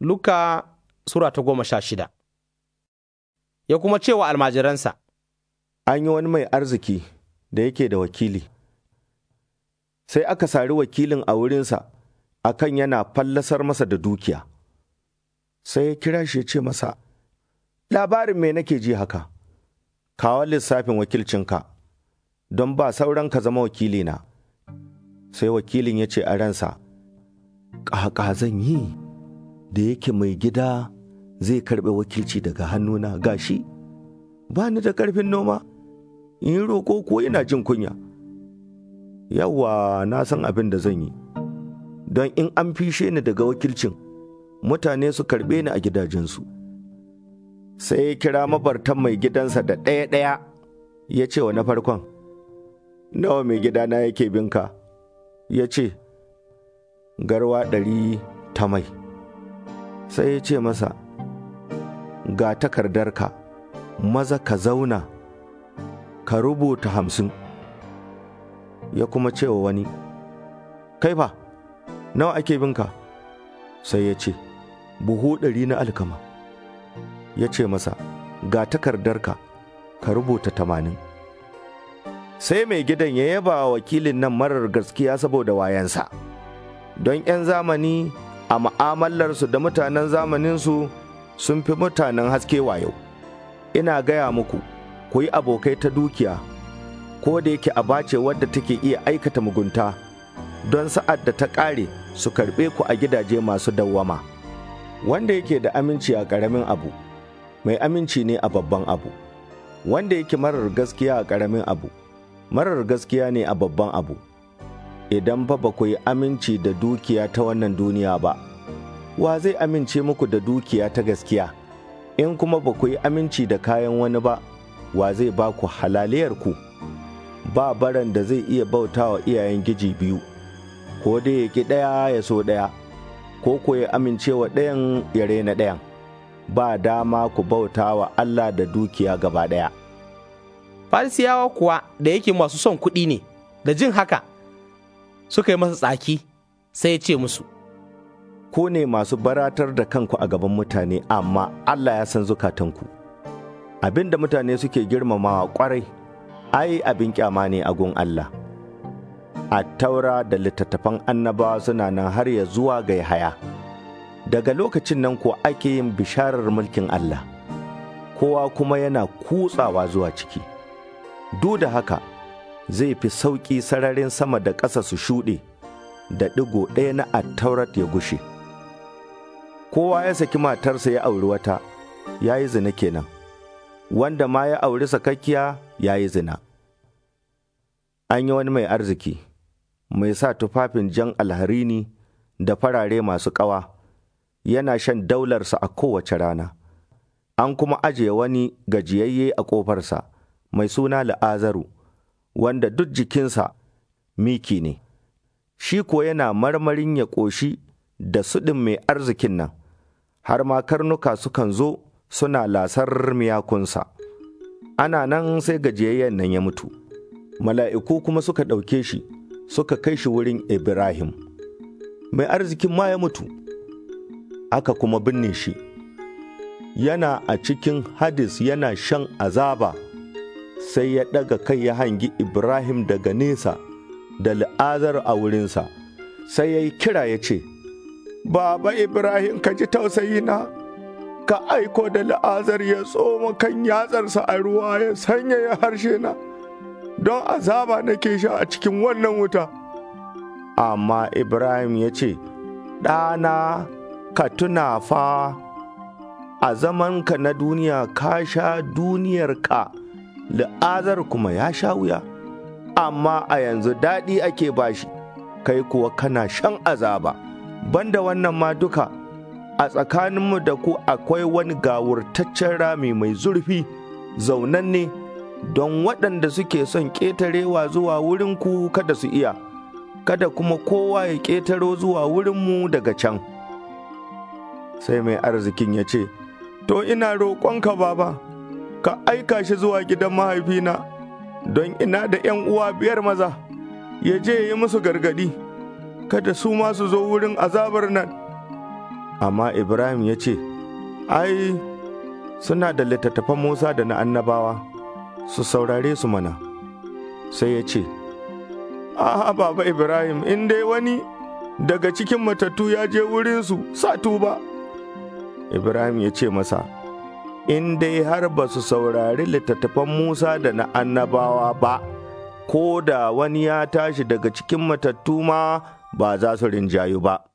Luka Sura ta goma sha shida Ya kuma ce wa almajiransa, An yi wani mai arziki da yake da wakili, sai aka sari wakilin a wurinsa a kan yana fallasar masa da dukiya. Sai ya kira shi ya ce masa, Labarin me nake ji haka, kawo lissafin wakilcinka, don ba sauran ka zama wakilina. Sai wakilin ya ce a ransa, Ƙaƙa zan yi. da yake mai gida zai karɓi wakilci daga hannuna gashi ba ni da ƙarfin noma in roƙo ko ina jin kunya yawwa na san abin da zan yi don in an fishe ni daga wakilcin mutane su karɓe ni a gidajensu sai ya kira mabartan mai gidansa da ɗaya-ɗaya ya ce wa na farkon nawa mai gidana yake binka ya ce garwa ɗari ta mai sai ya ce masa ga takardarka maza ka zauna ka rubuta hamsin ya kuma ce wa wani kai fa nawa ake binka sai ya ce buhu ɗari na alkama ya ce masa ga takardarka ka rubuta tamanin sai mai gidan ya yaba wakilin nan marar gaskiya saboda wayansa don 'yan zamani a ma'amalarsu da mutanen zamaninsu sun fi mutanen haske wayo. Ina gaya muku, ku yi abokai ta dukiya, ko da yake a bace wadda take iya aikata mugunta, don sa'ad da ta ƙare su karɓe ku a gidaje masu dawwama. Wanda yake da aminci a ƙaramin abu, mai aminci ne a babban abu. Wanda yake marar gaskiya a ƙaramin abu, marar gaskiya ne a babban abu. idan ba ku yi aminci da dukiya ta wannan duniya ba, wa zai amince muku da dukiya ta gaskiya, in kuma ba ku yi aminci da kayan wani ba, wa zai ba ku halaliyarku, ba baran da zai iya bauta wa iyayen giji biyu, ko dai ya ki ɗaya ya so ɗaya, ko ku yi amince wa ɗayan ya rena ɗayan, ba dama ku bauta wa Allah da dukiya gaba ɗaya. Farisiyawa kuwa da yake masu son kuɗi ne, da jin haka suka yi masa tsaki sai ya ce musu ko ne masu baratar da kanku a gaban mutane amma Allah ya san zukatanku abin da mutane suke girmamawa kwarai ai abin kyama ne a gun Allah a taura da littattafan annabawa suna nan har ya zuwa ga haya daga lokacin nan ko ake yin bisharar mulkin Allah kowa kuma yana kutsawa zuwa ciki duk da haka zai fi sauƙi sararin sama da ƙasa su shuɗe da ɗigo ɗaya na attaurat ya gushe. Kowa ya saki matarsa ya auri wata, ya yi zina kenan, wanda ma ya auri sakakkiya ya yi zina. An yi wani mai arziki, mai sa tufafin jan alharini da farare masu ƙawa, yana shan daularsa a kowace rana. An kuma ajiye wani gajiyayye a ƙofarsa, mai suna la'azaru. wanda duk jikinsa miki ne, shi ko yana marmarin ya ƙoshi da suɗin mai arzikin nan, har ma karnuka sukan zo suna lasar miyakunsa. Ana nan sai gajiyayyen nan ya mutu, mala'iku kuma suka ɗauke shi suka kai shi wurin Ibrahim. Mai arzikin ma ya mutu, aka kuma binne shi, yana a cikin hadis yana shan azaba. sai ya ɗaga kai ya hangi Ibrahim daga nesa da la'azar a wurinsa, sai ya yi kira ya ce, Baba Ibrahim ka ji tausayina, ka aiko da la'azar ya tsoma kan yatsarsa a ruwa ya harshe na don azaba nake sha a cikin wannan wuta. Amma Ibrahim ya ce, Ɗana, ka tuna fa, a zamanka na duniya ka sha duniyar ka. la'azar kuma ya sha wuya, amma a yanzu daɗi ake bashi, kai kuwa kana shan azaba, banda wannan ma duka a tsakaninmu da ku akwai wani gawurtaccen rami mai zurfi zaunanne don waɗanda suke son ƙetarewa zuwa wurinku kada su iya, kada kuma kowa ya ƙetaro zuwa wurinmu daga can. Sai mai arzikin ya ce, To ina roƙonka baba. ka aika shi zuwa gidan mahaifina don ina da ’yan uwa biyar maza, ya je yi musu gargadi, kada su ma su zo wurin azabar nan. Amma Ibrahim ya ce, Ai, suna da littattafan Musa da na annabawa, su saurare su mana. Sai ya ce, Aha, Baba Ibrahim, in dai wani daga cikin matattu ya je wurinsu, sa tuba. Ibrahim ya ce masa, in dai har ba su saurari littattafan Musa da na annabawa ba, ko da wani ya tashi daga cikin matattu ma ba za su rinjayu ba.